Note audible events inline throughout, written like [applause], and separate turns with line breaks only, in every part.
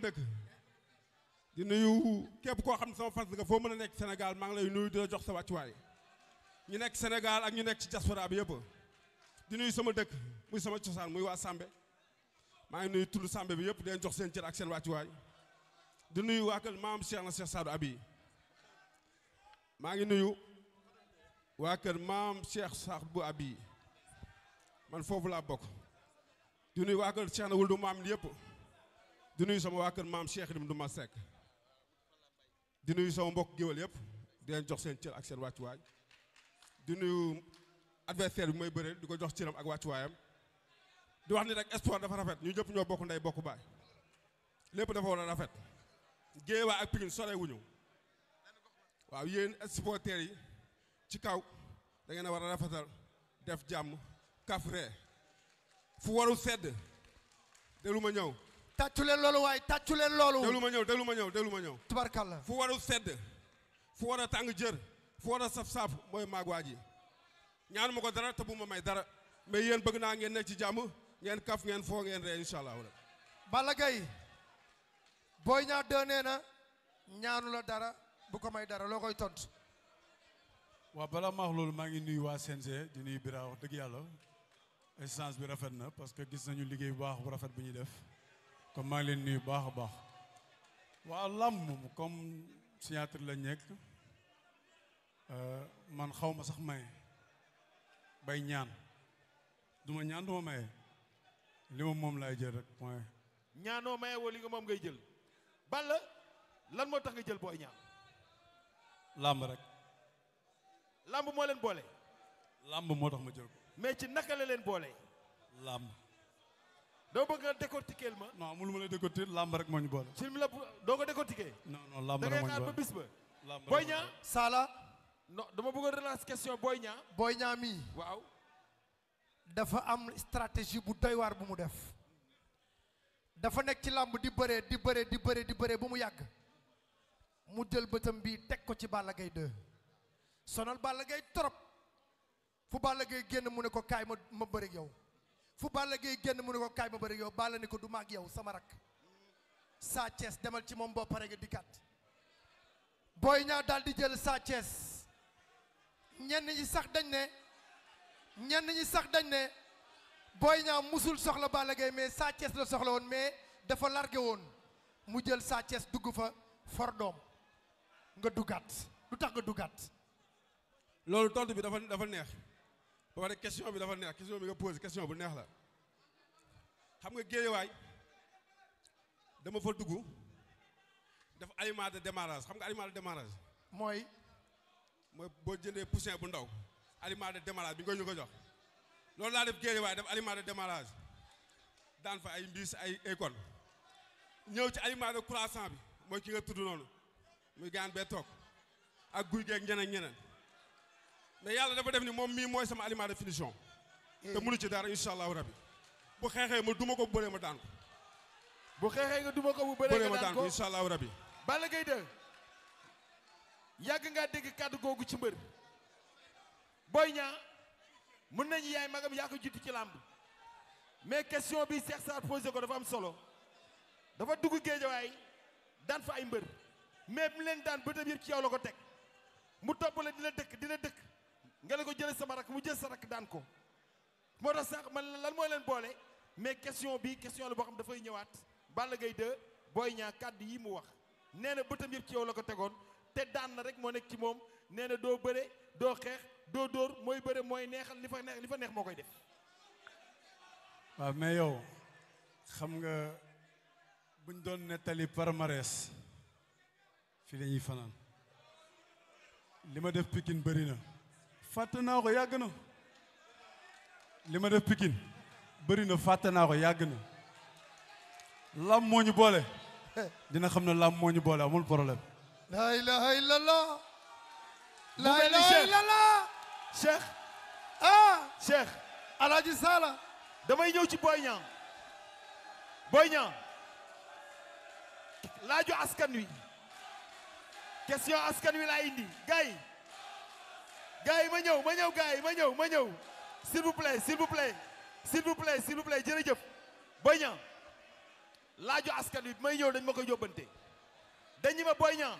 fa di nuyu képp koo xam ne sama fans nga foo mën a nekk Sénégal maa ngi lay nuyu di la jox sa wàccuwaay ñu nekk Sénégal ak ñu nekk ci diaspora bi yëpp di nuyu sama dëkk muy sama cosaan muy waa sàmbe maa ngi nuyu tudd Sambé bi yëpp di leen jox seen cër ak seen wàccuwaay di nuyu waa kër maam Cheikh na Cheikh Sadou Abi ngi nuyu waa kër maam Cheikh Sadou Abi man foofu laa bokk di nuyu waa kër Cheikh na wul du maam yëpp. di nuyu sama waa kër maam Cheikh Ibrahima Douma Seck di nuyu sama mbokk géwél yëpp di leen jox seen cër ak seen wàccuwaay di nuyu adversaire bi mooy bëri di ko jox cëram ak wàccuwaayam di wax ni rek espoir dafa rafet ñu ñëpp ñoo bokk ndey bokk baay lépp dafa war a rafet Guédiawaye ak Pikine sore wuñu waaw yéen supporters yi ci kaw dangeen ngeen a war a rafetal def jàmm kaf fu warul sedd dellu ma ñëw tàccu leen loolu waaye tàccu leen loolu. déglu ma ñëw déglu ma ñëw déglu ma ñëw. tubarkalla fu warul sedd fu war a tàng jër fu war a saf saaf mooy maag waa ji ñaanu ma ko dara te bu ma may dara mais yéen bëgg naa ngeen ne ci jàmm ngeen kaf ngeen foo ngeen ree incha allah. Balla Gaye
Boy Niang 2 na ñaanu la dara bu ko may dara loo koy tontu.
waaw balaa ma loolu maa ngi nuyu waa CNG di nuyu Bira dëgg yàlla échange bi rafet na parce que gis nañu liggéey bu baax bu rafet bu ñuy def. comme maa ngi leen nuyu baax a baax waaw làmb moom comme signature la nekk euh, man xaw ma sax maye bay ñaan duma ñaan duma maye li ma moom laay jël rek point
ñaanoo maye wala li nga moom ngay jël Balla lan moo tax nga jël booy ñaan
làmb rek làmb moo leen boole làmb moo tax ma jël ko
mais ci naka la leen boole
làmb dama bëgg nga décortiquer ma. non amul ma lay décortiquer làmb rek moo ñu boole. ci la doo ko décortiquer. non non làmb rek moo ñu boole da ngay xaar ba bis ba. làmb rek Boy Niang Saala.
non dama bëgg a relance question Boy Niang. Boy Niang waaw. dafa am stratégie bu doy waar bu mu def. dafa nekk ci làmb di bëree di bëree di bëree di bëree bu mu yàgg. mu jël bëtam bi teg ko ci Balla Gaye 2. sonal Balla Gaye trop. fu Balla Gaye génn mu ne ko kaay ma ma bëri yow. fu Balla Gaye génn mu ne ko kaay ba bëri yow Balla ne ko du maag yow sama rak Sa Thiès demal ci moom boo pare nga dikkaat booy Niang daal di jël Sa Thiès ñenn ñi sax dañ ne ñenn ñi sax dañ ne booy Niang mosul soxla Balla Gaye mais Sa Thiès la soxla woon mais dafa largué woon mu jël Sa Thiès dugg fa for doom nga duggaat lu tax nga duggaat
loolu tontu bi dafa dafa neex ba pare question bi dafa neex question bi nga posé question bu neex la xam nga géejawaay dama fa dugg def aliment de démarrage xam nga aliment de démarrage. mooy. mooy boo jëndee poussin bu ndaw aliment de démarrage bi nga ñu ko jox loolu laa def géejawaay def aliment de démarrage daan fa ay mbiis ay école ñëw ci aliment de croissant bi mooy ki nga tudd noonu muy gaan bee toog ak guy geeg ñeneen ñeneen. mais yàlla dafa def ni moom mii mooy sama aliment de finition mm. te mënu ci dara incha allahu rabi bu xeexee ma duma ko bu bëree ma daan ko bu xeexee nga duma ko bu bëree ma daan ko incha allahu rabi
Balla Gaye yàgg ngaa dégg kàddu googu ci mbër Boy Niang mën nañu yaay magam yaa ko jiitu ci làmb mais question bi Cheikh Sarr posé ko dafa am solo dafa dugg géejawaay daan fa ay mbër mais mu leen daan bëtam yëpp ci yow la ko teg mu topp la di la dëkk di la dëkk nga ne ko jëlee sama rakk mu jël sa rakk daan ko moo tax sax man lan mooy leen boole mais question bi question la boo xam dafay ñëwaat Balla Gaye 2 Boy Niang kàddu yi mu wax nee na bëtam yëpp ci yow la ko tegoon te daan na rek moo nekk ci moom nee na doo bëre doo xeex doo dóor mooy bëre mooy neexal li fa neex li fa moo koy def.
waaw mais yow xam nga buñ doon nettali palmarès fii la fanaan li ma def Pikine bëri na. fàtte naa yàgg na li def pikin bëri na fàtte naa ko yàgg na lam moo ñu boole dina xam ne lam moo ñu boole amul problème
laa ilaha illallah laa ilaha illallah ah. alaaji sala damay ñëw ci Boy Niang Boy Niang laaju askan wi question askan wi laa indi gay gars yi ma ñëw ma ñëw gars yi ma ñëw ma ñëw s'il vous plaît s'il vous plaît s'il vous plaît s'il vous plaît jërëjëf Boy askan wi may ñëw dañ ma ko yóbbante dañu ma Boy Niang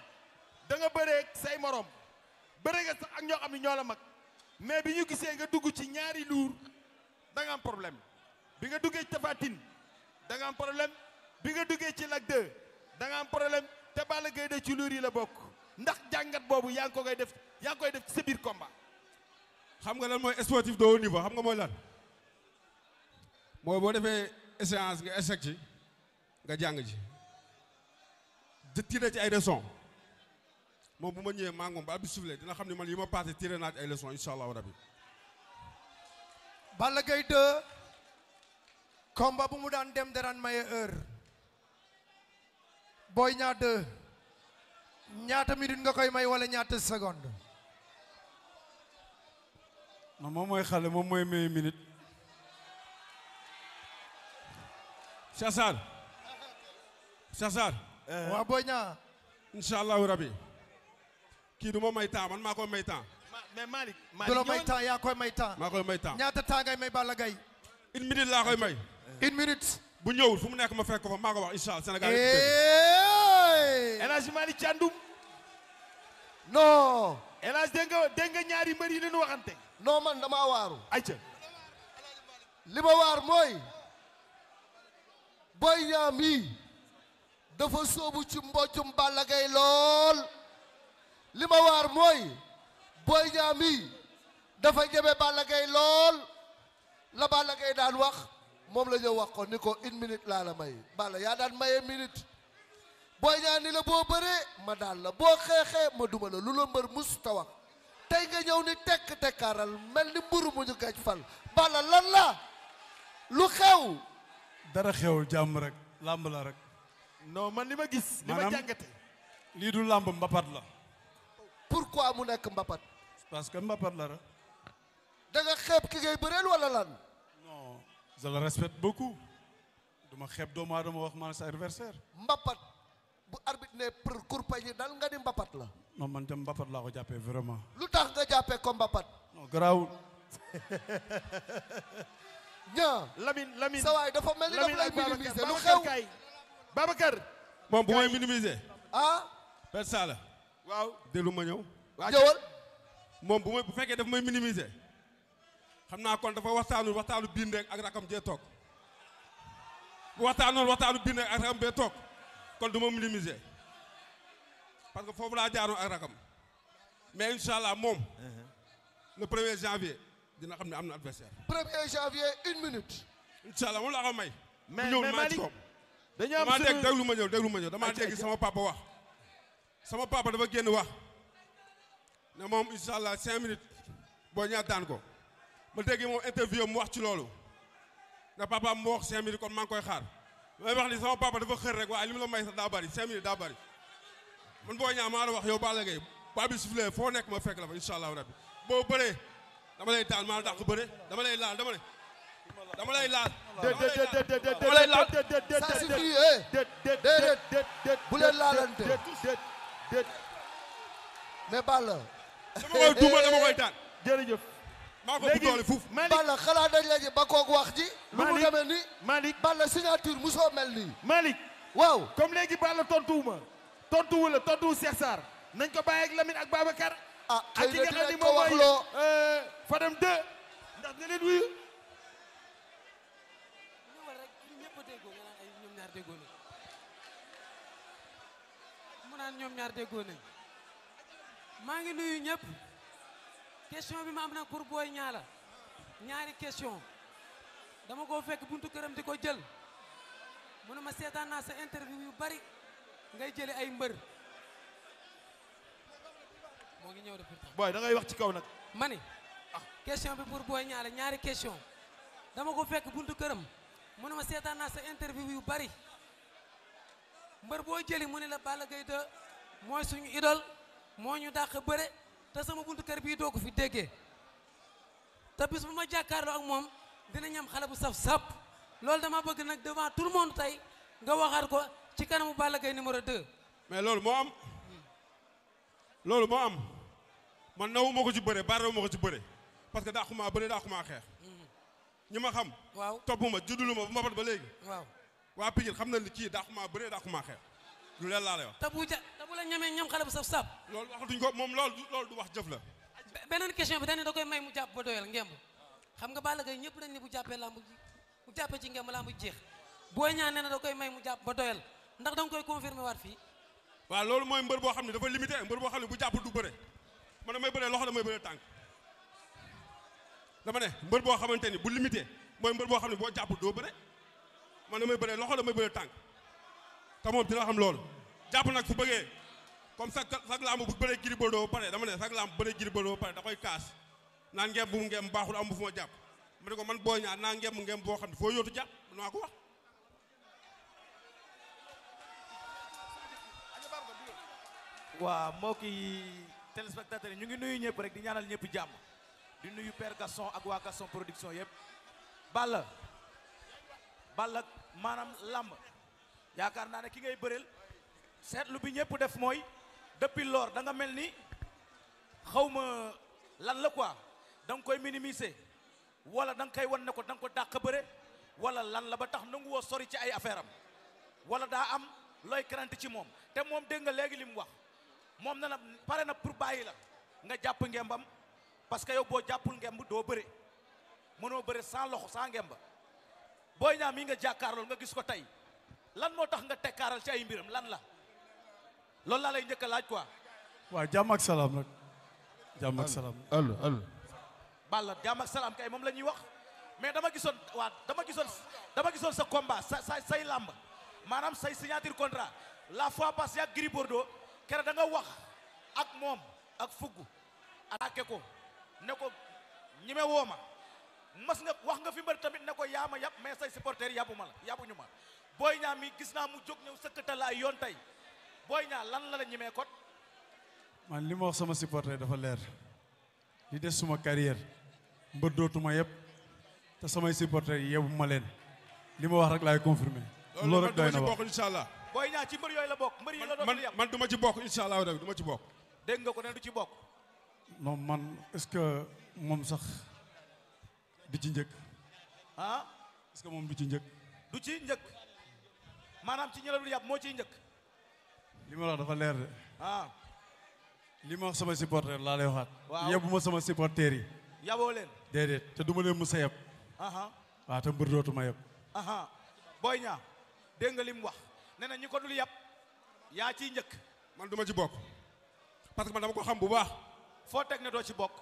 da nga bëree say moroom bëree nga sax ak ñoo am ne ñoo la mag mais bi ñu gisee nga dugg ci ñaari luur da am problème bi nga duggee ci Tapha Tine da nga am problème bi nga duggee ci Lac 2 da nga am problème te Balla Gaye de ci luur yi la bokk ndax jàngat boobu yaa ngi ko koy def yaa ngi koy def ci sa biir xam nga lan mooy sportif
de haut xam nga mooy lan mooy boo defee échéance nga échec ci nga jàng ji tiré ci ay leçons moom bu ma ñëwee maa moom ba abi soufflé dina xam ne man yi ma passé tiré naa ay leçons incha allahu rabi. Balla Gaye 2
combat bu mu daan dem daraan maye heure Boy Niang 2 ñaata minute nga koy may wala ñaata seconde
non mooy xale moom mooy may minute Cheikh Sarr Cheikh Sarr
eh. waa Boy Niang insha allahu rabbi kii ma may temps man maa koy may temps
mais may
temps yaa koy may temps ñaata temps ngay may Balla Gaye une minute laa koy may une minute bu ñëwul fu mu nekk ma fekk ko fa maa ko wax insha allah Sénégal
El Hadj Malick Thiandoum. non. El Hadj dégg nga dégg ñaari mbër yi leen waxante. non man damaa waaru. ayca. li ma waar mooy. Boy Niang mii dafa
sóobu ci mbojum Balla Gaye lool. li ma waar mooy. Boy Niang mii dafa ñeme Balla Gaye lool. la Balla Gaye daan wax moom la ñëw wax ko ni ko une minute laa la may Balla yaa daan maye minute. booy ñaa ni la boo bëree ma daal la boo xeexee ma duma la lu la mbër mus tey nga ñëw ni tekk tekkaaral mel ni mburu mu ñu gaj fal bala lan la
lu xew dara xewul jàmm rek làmb la rek non man li ma gis li ma jàngate lii du làmb mbapat la pour quoi mu nekk mbapat parce que mbapat la rek da nga ki ngay bëreel wala lan non je le respecte beaucoup duma xeeb doomu aadama wax man sa adversaire mbapat bu arbitre ne pour kurpañ yi daal nga di mbapat la. moom man tam mbapat laa ko jàppee vraiment. lu tax nga jàppee ko mbapat. non garaawul. [laughs]
ñaa. Lamine Lamine sa dafa mel ni dafa lay minimiser lu xew Babacar. moom bu
may minimiser. ah. per
sala. waaw déglu ma ñëw. jëwal.
moom bu may bu fekkee daf may minimiser. xam naa kon dafa waxtaanu waxtaanu bind rek ak rakam jee toog. waxtaanoon waxtaanu bind rek ak rakam bee toog. kon du ma minimiser parce que foofu laa jaaroon ak rakam mais incha allah moom. Uh-huh. le premier janvier dina xam ne am na adversaire. premier janvier une minute. incha allah moom laa ko may. mais mais Malick dañoo am suñu déglu ma ñëw déglu ma ñëw damaa dégg sama papa wax. sama papa dafa génn wax ne moom incha cinq minutes boo ñaar daan ko ma dégg moom interview mu wax ci loolu ne papa mu wax cinq minutes kon maa ngi koy xaar. may wax ni sama papa dafa xër rek waaye li mu la may sax daa bari cinq minutes daa bari man boo ñaa maa la wax yow Balla Gaye ba bi suflee foo nekk ma fekk la fa insha allahu rabbi boo bëree dama lay daan maa la dàq bëre dama lay laal dama ne
lay laal dama lay laal ça suffit déedéet bu leen laalante mais Balla dama koy duma dama koy daan jërëjëf maa ko bu doole fuuf Balla xalaat dañ léegi ba koog wax ji mu demee ni Malick Balla signature musoo mel nii Malick waaw comme léegi Balla tontuwuma tontuwu la tontuwu Cheikh Sarr nañ ko bàyyi ak Lamine ak Babacar ah xëy na dinañ ko wax loo euh, Fadam 2 ndax ne leen wuyu
mu naan ñoom ñaar déggoo nañ maa ngi nuyu ñëpp question bi ma am na pour booy ñaala ñaari question dama koo fekk buntu këram di ko jël mu ne ma seetaan naa sa interview yu bari ngay jële ay mbër moo ngi ñëw de pourtant booy da ngay wax ci kaw nag ma ni ah. question bi pour booy ñaare ñaari question dama ko fekk buntu këram mu ne ma seetaan naa sa interview yu bari mbër boo jëli mu ne la Balla Gaye 2 mooy suñu idole moo ñu dàq bëre te sama buntu kër bii doo ko fi déggee te bis bu ma jàkkaarloo ak moom dinañ am xale bu saf sap loolu dama bëgg nag devant tout le monde tey nga waxaat ko ci kanamu Balla Gaye numéro 2. mais loolu moo am loolu moo am man nawu
ma ko ci bëre baarawu ma ko ci bëre parce que daa xumaa bëre daa maa xeex. Mm-hmm. ñi ma xam. waaw topp ma juddulu ma bu ma bat ba léegi. waaw waa Pikine xam na ni kii daa xumaa bëre daa xumaa xeex lu leen laa lay wax.
te bu ja te bu ñamee ñam xale bu saf sap. loolu waxatuñ ko moom loolu loolu du wax jëf la. beneen question bi dañ da koy may mu jàpp ba doyal ngemb. xam nga Balla Gaye ñëpp dañ ne bu jàppee lamb ji bu jàppee ci ngem lamb ji jeex Boy Niang nee na da koy may mu jàpp ba doyal ndax da koy confirmer waat fii waaw loolu mooy mbër boo xam ne dafa limité mbër boo xam ne bu jàpp du bëre man damay bëree loxo
damay bëree tànk dama ne mbër boo xamante ni bu limité mooy mbër boo xam ne boo jàpp doo bëre man may bëree loxo may bëree tànk te moom dina xam loolu jàpp nag fu bëggee comme sag sag lamb bu bëree Gris Bordeaux ba pare dama ne sag lamb bu bëree Gris Bordeaux ba pare da koy kaas naan ngeem bu ngeem baaxul am bu fu ma jàpp ma ne ko man booy ñaar naa ngeem ngeem boo
xam ne foo yóotu jàpp naa ko wax waaw mbokk yi téléspectateurs yi ñu ngi nuyu ñëpp rek di ñaanal ñëpp jàmm di nuyu Père Gaston ak waa Gaston production yëpp Balla Balla maanaam làmb yaakaar naa ne ki ngay bëreel seetlu bi ñëpp def mooy depuis lors danga mel ni xawma lan la quoi da koy minimise wala danga koy wan ne ko da nga ko dàq bëre wala lan la ba tax nangu sori ci ay affaire am wala daa am looy crainte ci moom te moom dégg nga léegi li mu wax moom na na pare na pour bàyyi la nga jàpp ngembam parce que yow boo jàppul ngemb doo bëre mënoo bëre sans loxo sans ngemba booy ñaa mii nga jàkkaarlool nga gis ko tey lan moo tax nga tekkaaral ci ay mbiram lan la loolu laa lay njëkk a laaj quoi.
waa jàmm ak salaam rek jàmm ak salaam
Balla jàmm ak moom la ñuy wax mais dama gisoon waa dama gisoon dama gisoon sa combat sa say làmb maanaam say signature contrat la fois passée ak Gris Bordeaux kere da nga wax ak moom ak fugg attaqué ko ne ko ñime woo ma mas nga wax nga fi mbër tamit ne ko yaa ma yàpp mais say supporters yàbbu ma la yàbbuñu ma booy ñaa mi gis naa mu jóg ñëw sëkkatal la ay yoon tey booy ñaa lan la la ñimee kot
man li ma wax sama supporter dafa leer di des suma carrière mbër dootuma yëpp te samay supporters yi ma leen li ma wax rek laay confirmé loolu rek doy na wax
incha allah booy ñaa ci mbër yooyu bokk
mbër yi la doon man du ma ci bokk incha allah du ma ci bokk dégg nga ko ne du ci bokk
non man est-ce que moom sax du ci njëkk ah est moom du ci njëkk
du ci njëkk maanaam ci ñëla dul yàpp moo ciy njëkk
li ma wax dafa leer de ah. li ma wax sama supporter laa lay waxaat. waaw yebbu ma sama supporter yi. yaboo leen. déedéet te du ma leen mës a yeb. waaw te mbër dootuma yeb.
booy ñaa dégg nga li mu wax nee na ñi ko dul yab yaa ciy njëkk. man du ci bokk parce que man dama ko xam bu baax. foo teg ne doo ci
bokk.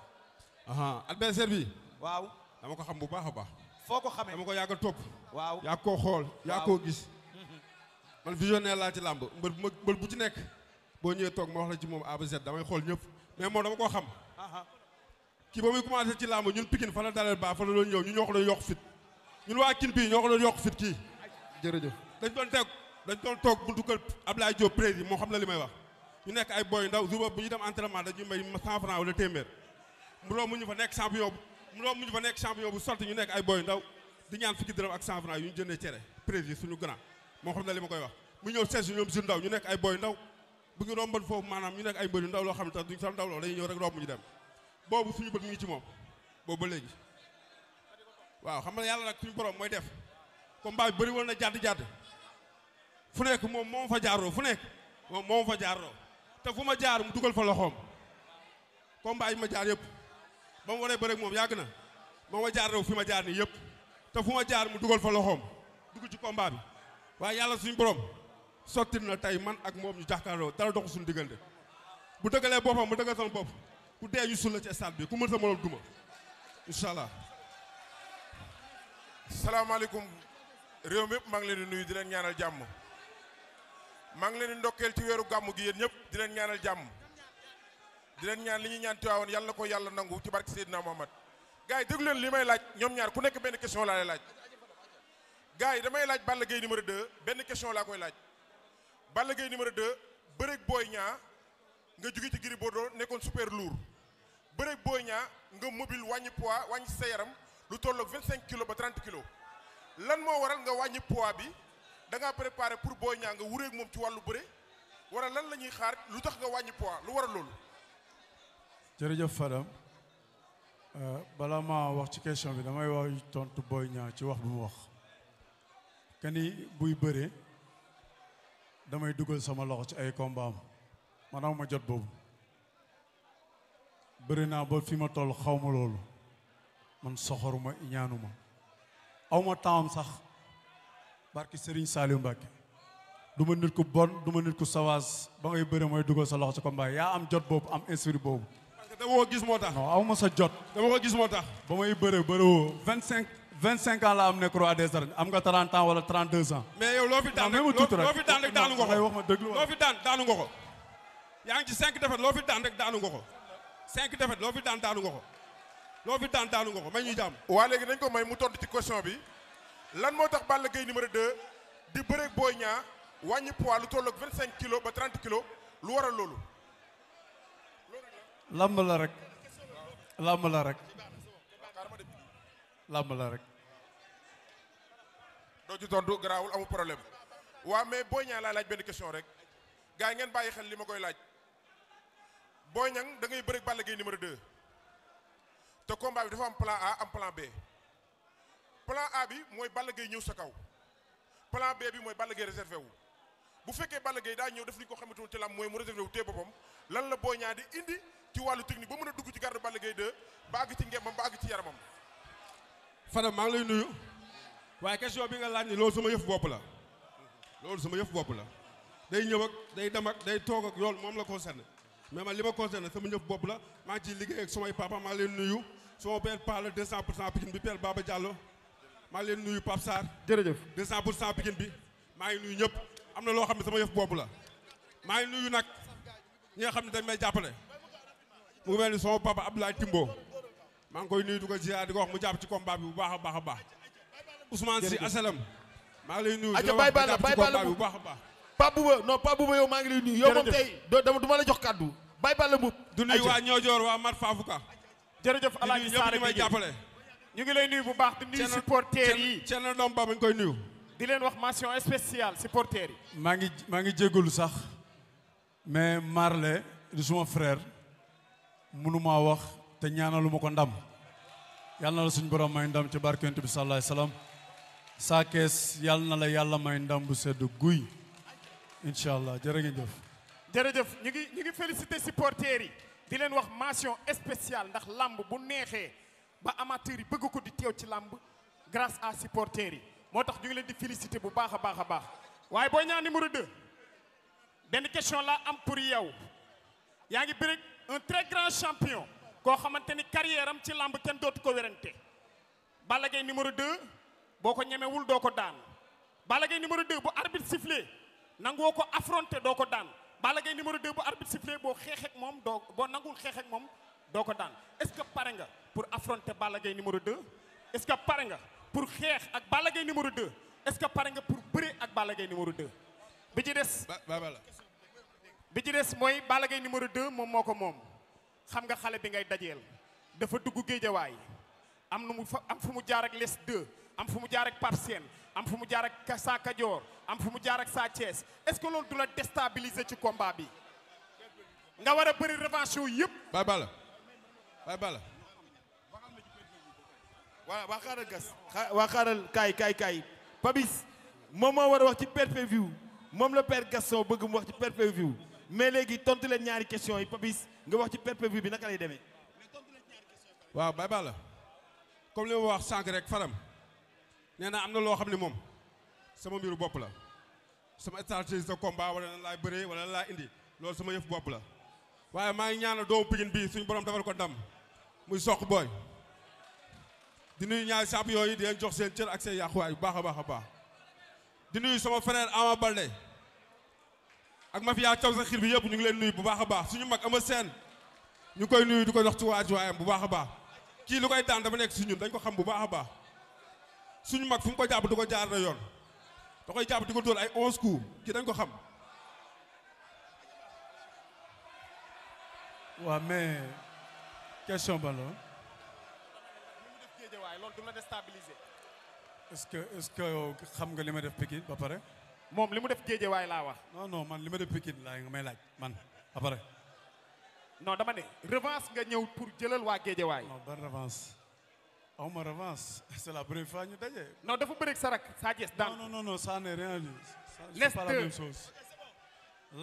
adversaire bi. waaw dama ko xam bu baax a baax. foo ko xamee dama ko yàgg a topp. waaw yaa koo xool yaa koo gis. man visionnaire laa ci làmb mbër bu ma mbër bu ci nekk. boo ñëwee toog ma wax la ci moom A ba Z damay xool ñëpp mais moom dama koo xam kii ba muy commencé ci làmb ñun Pikine fa la daleel baa fa la doon ñëw ñu ñoo ko yokk fit ñun waa kin bii ñoo ko yokk fit kii jërëjëf dañ doon teg dañ doon toog buntu kër Ablaye Diop président moo xam la li may wax ñu nekk ay boy ndaw jour bu ñu dem entraînement dañuy may cent franc wala téeméer mu romb nekk champion bu mu ñu fa nekk champion bu sorti ñu nekk ay boy ndaw di ñaan fukki ñu jëndee cere moo xam na koy wax mu ñëw ndaw ñu nekk ay boy ndaw bu ñu rombal foofu maanaam ñu nekk ay mbëri ndaw loo xam ne tax duñ sax ndaw loo dañuy ñëw rek romb ñu dem boobu suñu bët mu ngi ci moom boobu ba léegi waaw xam nga yàlla nag suñu borom mooy def combat bi bëri woon na jàdd jàdd fu nekk moom moom fa jaaroo fu nekk moom moom fa te fu ma jaar mu dugal fa loxoom combat yi ma yëpp ba mu waree moom yàgg na moom ma fi ma jaar nii yëpp te fu ma jaar mu dugal fa loxoom dugg ci combat waaye yàlla suñu borom. sotti na tey man ak moom ñu jàkkaarloo dara dox suñu diggante bu dëggalee boppam mu dëggal sama bopp ku dee ñu sul la ci
stade bi ku mën sa moroom duma incha allah. salaamaaleykum réew mi yëpp maa leen di nuyu di leen ñaanal jàmm maa ngi leen di ndokkeel ci weeru gàmm gi yéen ñëpp di leen ñaanal jàmm di leen ñaan li ñu ñaan Tiwaawan yàlla na ko yàlla nangu ci barke Seydina Muhammad gars yi déglu leen li may laaj ñoom ñaar ku nekk benn question laa lay laaj yi damay laaj Balla Gaye numéro 2 benn question laa koy laaj. Balla Gaye numéro 2 bëreeg Boy ñaa nga jóge ci Gris Bordeaux nekkoon super lourd bëreeg Boy Niang nga mobile wàññi poids wàññi sa yaram lu tolloog 25 kilos ba 30 kilos lan moo waral nga wàññi poids bi da ngaa pour Boy ñaa nga wureeg moom ci wàllu bëre wala lan la ñuy xaar lu tax nga wàññi poids lu waral loolu.
jërëjëf Fadam euh, balaa ma wax ci question bi damay wax tontu Boy Niang ci wax bu mu wax. kani buy bëree. damay dugal sama loxo ci ay combat am maanaam ma jot boobu bëri naa ba fi ma toll xaw ma loolu man soxoruma ñaanuma aw ma temps sax barki Serigne Saliou Mbacke du ma nit ku bon du ma nit ku sawaas ba ngay bëri mooy dugal sa loxo ci combat yaa am jot boobu am esprit boobu. parce gis moo tax. non ma sa jot. dama ko gis moo tax. ba may bëre bëre woo vingt 25 ans la am nekk roi des arènes am nga 30 ans wala 32 ans. mais yow loo fi daan rek daanu nga ko wax ma
daan daanu nga yaa ngi ci cinq défaites loo fi daan rek daanu nga ko 5 défaites loo fi daan
daanu nga ko loo fi daan daanu nga ko may ñuy jàmm. waa léegi dañ ko may mu tontu ci question bi lan moo tax Balla Gaye numéro 2 di bëreeg Boy Niang wàññi poids lu toll ak 25 kilos ba 30 kilos lu waral loolu.
lamb la rek lamb la rek. làmb la rek.
doo ci tontu garaawul amul problème waaw mais Boy Niang laa laaj benn question rek gars yi ngeen bàyyi xel li ma koy laaj Boy Niang da ngay bëre ak Balla Gaye numéro 2 te combat bi dafa am plan A am plan B plan A bi mooy Balla Gaye ñëw sa kaw plan B bi mooy Balla Gaye réservé wu bu fekkee Balla Gaye daa ñëw def li ñu ko xamatul ci lam mooy mu réservé wu tee boppam lan la Boy ñaa di indi ci wàllu technique ba mën a dugg ci garde Balla Gaye 2 ba ci ngembam ba ci yaramam.
Fadam maa ngi lay nuyu waaye question bi nga laaj ni loolu sama yëf bopp la loolu sama yëf bopp la day ñëw day dem ak day toog ak yoon moom la concerné mais ma li ma concerné sama yëf bopp la maa ngi ciy liggéey ak samay papa maa leen nuyu sama père Palla 200 pour cent Pikine bi père maa leen nuyu Pape Sarr. jërëjëf 200 pour cent Pikine bi maa ngi nuyu ñëpp am na loo xam ne sama yëf bopp la maa ngi nuyu nag ñi nga xam ne dañ may jàppale mu mel ni sama papa Abdoulaye Timbo. maa ngi koy nuyu du ko ziar di ko wax mu jàpp ci combat bi bu baax a baax a baax Ousmane Sy maa ngi lay nuyu aca bay balla bay balla bu baax a baax Pape Bouba non Pape Bouba yow maa ngi lay nuyu yow moom tey dama du ma la jox kàddu bay balla mbub du nuyu waa ñoojoor waa mat faafuka
jërëjëf alaaji Saare may jàppale ñu ngi lay nuyu bu baax di nuyu supporters yi ceen na
ba ma ngi koy nuyu di leen wax mention spéciale supporters yi maa ngi maa ngi jégalu sax mais Marley di suma frère mënumaa wax te ñaanalu ma ko ndam yàlla na la suñu borom may ndam ci barkent bi sallallahu alayhi saa kees yàlla na la yàlla may ndam bu sedd guy incha allah jërë ngeen jëf
jërëjëf ñu ngi ñu ngi félicité supporters yi di leen wax mention espécial ndax lamb bu neexee ba amateurs yi bëgg ko di teew ci làmb grace à supporters yi moo tax ñu ngi leen di félicité bu baax a baax a baax waaye booy ñaa numéro 2 benn question laa am pour yow yaa ngi bëri un très grand champion koo xamante ni carrière am ci làmb kenn dootu ko werante Balla Gaye numéro 2 boo ko ñemewul doo ko daan Balla Gaye numéro 2 bu arbitre sifflé nangoo ko affronté doo ko daan Balla Gaye numéro 2 bu arbitre sifflé boo xeex moom doo boo nangul xeex moom doo ko daan est-ce que pare nga pour affronter Balla Gaye numéro 2 est-ce que pare nga pour xeex ak Balla Gaye numéro 2 est-ce que pare nga pour bëre ak Balla Gaye numéro 2 bi ci des bi ci des mooy Balla Gaye numéro 2 moom moo ko moom xam nga xale bi ngay dajeel dafa dugg géejawaay am nu mu fa am fu mu jaar ak les deux am fu mu jaar ak Pape am fu mu jaar ak Sa Kajoor am fu mu jaar ak Sa Thiès est-ce que loolu du la déstabiliser ci combat bi nga war a bëri revanche yooyu yëpp.
bala Balla Baye Balla.
waa waa xaaral gas waa xaaral kaay kaay
kaay Pabis moom moo war a wax ci pay-per-view moom la père Gaston bëgg mu wax ci pay view mais léegi tontu leen ñaari question yi Pabis. nga wax ci pay per bi naka lay demee. waaw comme li ma wax sànq rek faram nee naa am
na loo xam ne moom sama mbiru bopp la sama stratégie de combat wala lan laay bëree wala lan laay indi loolu sama yëf bopp la waaye maa ngi ñaanal doomu Pikine bii suñu borom defal ko ndam muy soq booy di nuyu ñaari champion yi di leen jox seen cër ak seen yàquwaay bu baax a baax a baax di nuy sama frère Ama Baldé. ak mafia caw sa xir bi yëpp ñu ngi leen nuyu bu baax a baax suñu mag ama seen ñu koy nuyu di ko jox ci waajuwaayam bu baax a baax kii lu koy daan dafa nekk si ñun dañ ko xam bu baax a baax suñu mag fu mu ko jàpp du ko jaar na yoon da koy jàpp di ko dóor ay onze coups kii dañ ko xam
waa mais question ba la est-ce que est-ce que xam nga li ma def Pikine ba pare moom li mu def géejewaay laa wax. non man li ma def Pikine laa nga may laaj man après. non dama ne revance nga ñëw pour jëlal waa géejewaay. non ban revanche. aw ma revanche [laughs] c'est la première fois ñu daje. noo dafa bëri sa rak Sa Thiès daan non non non ça n'est rien lu. c'est pas la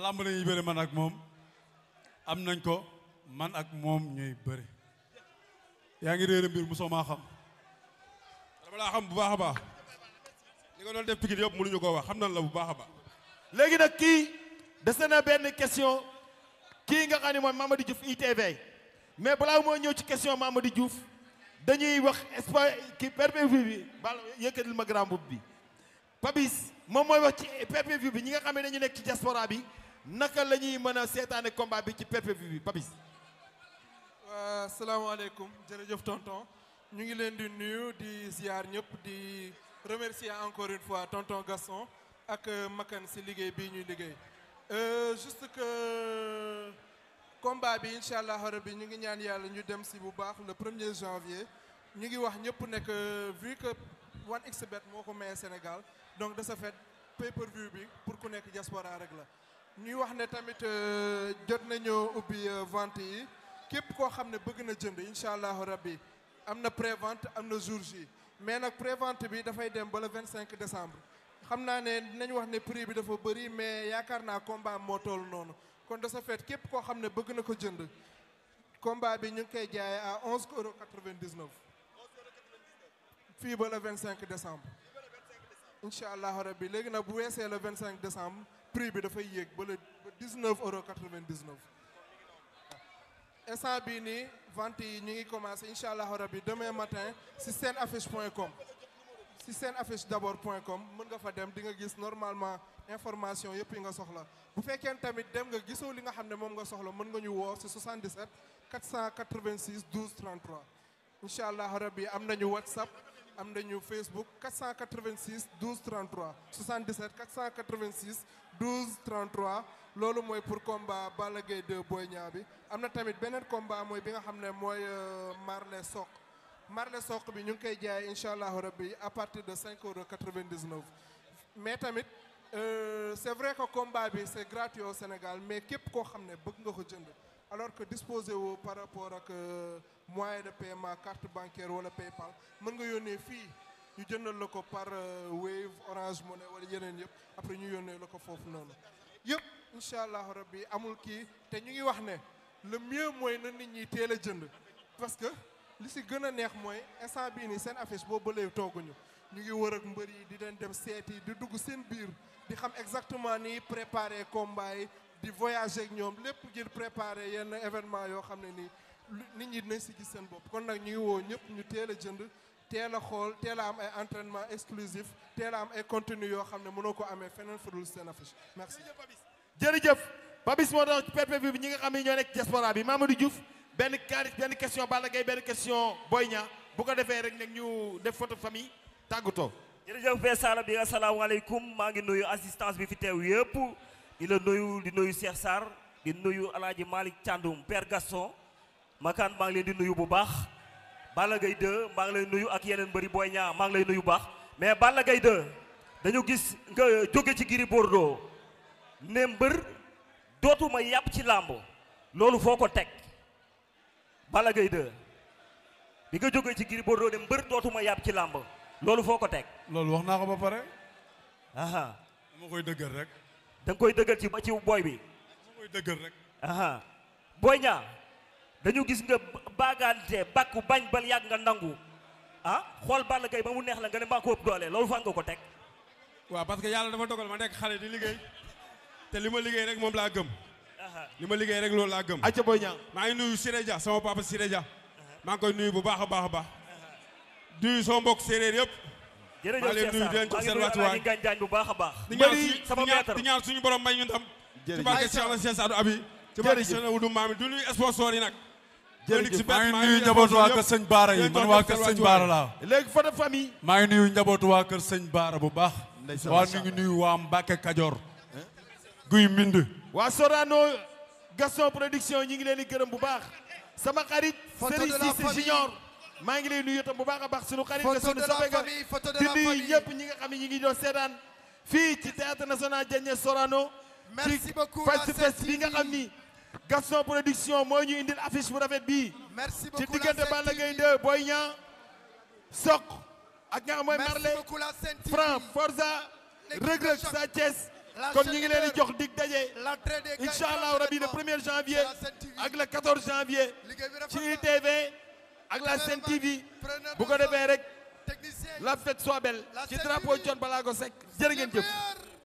lamb la ñuy man ak moom. am nañ ko man ak moom ñuy bëri. yaa ngi réer mbir mosoo maa xam. dama laa xam bu baax a baax.
li nga doon def Pikine yëpp mënuñu koo wax xam nañ la bu baax a baax. léegi nag kii dese na benn question kii nga xam ne mooy Mamadou Diouf ITV mais balaa moo ñëw ci question Mamadou Diouf dañuy wax espoir ki perpévu bi bal yëkkatil ma grand boub bi. Pabis moom mooy wax ci perpévu bi ñi nga xam ne dañu nekk ci diaspora bi naka la ñuy mën a seetaane combat bi ci perpévu bi Pabis.
asalaamaaleykum euh, jërëjëf tonton ñu ngi leen di nuyu di ziar ñëpp di. remercier encore une fois tonton Gaston ak euh, Makan si liggéey bii ñuy liggéey euh, juste que combat bi incha allah rabi ñu ngi ñaan yàlla ñu dem si bu baax le premier janvier ñu ngi wax ñëpp nekk vu que 1xBet moo ko maye Sénégal donc de ce fait pay per bi pour ku nekk diaspora rek la ñuy wax ne tamit euh, jot nañoo ubbi vente yi képp koo xam ne bëgg na jënd incha allah rabi am na pré-vente am na jour J mais nag prévente bi dafay dem bala vingt cinq décembre xam naa ne dinañ wax ne prix bi dafa bëri mais yaakaar naa combat moo toll noonu kon de ce képp koo xam ne bëgg na ko jënd combat bi ñu ngi koy jaay à onze euros quatre-vingt-dix-neuf fii ba le vingt cinq décembre incha allahu rabbi léegi nag bu weesee le vingt cinq décembre prix bi dafay yéeg ba le dix-neuf euros quatre-vingt-dix-neuf instant bii nii vente yi ñu ngi commencé incha allahu rabi demain matin si seen affiche point com si seen affiche d' abord point com mën nga fa dem di nga gis normalement information yëpp yi nga soxla bu fekkee tamit dem nga gisoo li nga xam ne moom nga soxla mën nga ñu woo si 77 486 12 33 incha allahu rabi am nañu whatsapp am nañu facebook 486 12 33 77 486 12 33 loolu mooy pour combat Balla Gaye 2 Boy Niang bi am na tamit beneen combat mooy bi nga xam ne mooy euh, Marley Sock Marley soq bi ñu ngi koy jaay incha allahu rabbi à partir de 5 euros 99 mais tamit euh, c'est vrai que combat bi c'est gratuit au Sénégal mais képp koo xam ne bëgg nga ko jënd alors que disposé woo par rapport ak euh, moyen de paiement carte bancaire wala PayPal mën nga yónnee fii ñu jëndal la ko par euh, Wave Orange Money wala yeneen yëpp après ñu yónnee la ko foofu noonu yëpp incha allahu rabbi amul kii te ñu ngi wax ne le mieux mooy na nit ñi teel a jënd parce que li si gën a neex mooy instant bii nii seen affiche boobu bëlee tooguñu ñu ngi wër ak mbër yi di leen dem seeti di dugg seen biir di xam exactement nii préparer combat yi di voyager ak ñoom lépp jël préparer yenn événement yoo xam ne nii nit ñi dinañ si gis seen bopp kon nag ñu ngi woo ñëpp ñu teel a jënd teel a xool teel a am ay entraînement exclusif teel am ay contenu yoo xam ne mënoo ko amee feneen fudul seen affiche merci. jërëjëf
Babis moo doon ci PPV bi ñi nga xam ne ñoo nekk diaspora bi Mamadou Diouf benn benn question bala Gaye benn question Boy ña bu ko defee rek nag ñu def photo famille tàggatoo. jërëjëf Père Sala bi asalaamaaleykum maa ngi nuyu assistance bi fi teew yëpp di la nuyu di nuyu Cheikh Sarr di nuyu El Hadj Malick Thiandoum Père Gaston Makan maa di nuyu bu baax. Balla Gaye 2 maa ngi lay nuyu ak yeneen mbëri Boy Niang maa ngi lay nuyu baax mais Balla Gaye 2 dañu gis nga jóge ci Gris Bordeaux ne mbër dootuma yàpp ci làmb loolu foo ko teg Balla Gaye 2 bi ci Gris Bordeaux ne mbër dootuma yàpp ci làmb loolu foo ko teg loolu wax naa ko ba pare aha dama koy dëggal rek da koy dëggal ci ba ci booy bi dama koy dañu gis nga baagaante
bàkku bañ bal yàgg nga nangu ah xool Balla Gaye ba mu neex la nga ne maa ko ëpp doole loolu fan nga ko teg. waaw parce que yàlla dafa dogal ma nekk xale di liggéey te li ma liggéey rek moom laa
gëm. li ma liggéey rek loolu laa gëm. acca booy ñaan maa ngi nuyu Siré Dia sama papa Siré Dia. maa ngi koy nuyu bu baax a baax a baax. nuyu mbokk séeréer yëpp. jërëjëf Cheikh Sarr baax
a baax.
di ñaan di ñaan suñu borom may ñu ndam. jërëjëf ci barke Cheikh Sarr Abdou Abi. ci barke Cheikh Oudou Mami du nuyu sponsor yi nag jërëjëf maa ngi nuyu njabootu waa kër sëñ Baara yi man waa kër sëñ Baara laa.
léegi fa famille.
maa ngi nuyu njabootu waa kër sëñ Baara bu baax. waa ñu ngi nuyu waa Mbacke Kajoor. guy mbind.
waa Sorano Gaston production ñi ngi leen di gërëm bu baax. sama xarit Serigne Cissé Junior. maa ngi lay nuyu tam bu baax a baax sunu xarit. photo de la famille photo de la famille di nuyu ñëpp ñi nga xam ne ñi ngi doon seetaan. fii ci théâtre national Diagne Sorano. merci beaucoup la bi nga xam ni Gaston production moo ñu indil affiche bu rafet bii. merci beaucoup ci diggante Balla Gaye 2 Boy Niang Sokh ak nga xam mooy Marley Franc Forza Reug Sa Thiès kon ñu ngi leen di jox dig daje incha allah rabi le premier janvier ak le 14 janvier ci ITV ak la Sen TV bu ko defee rek la fête soit belle ci drapeau Thione Ballago Seck jërë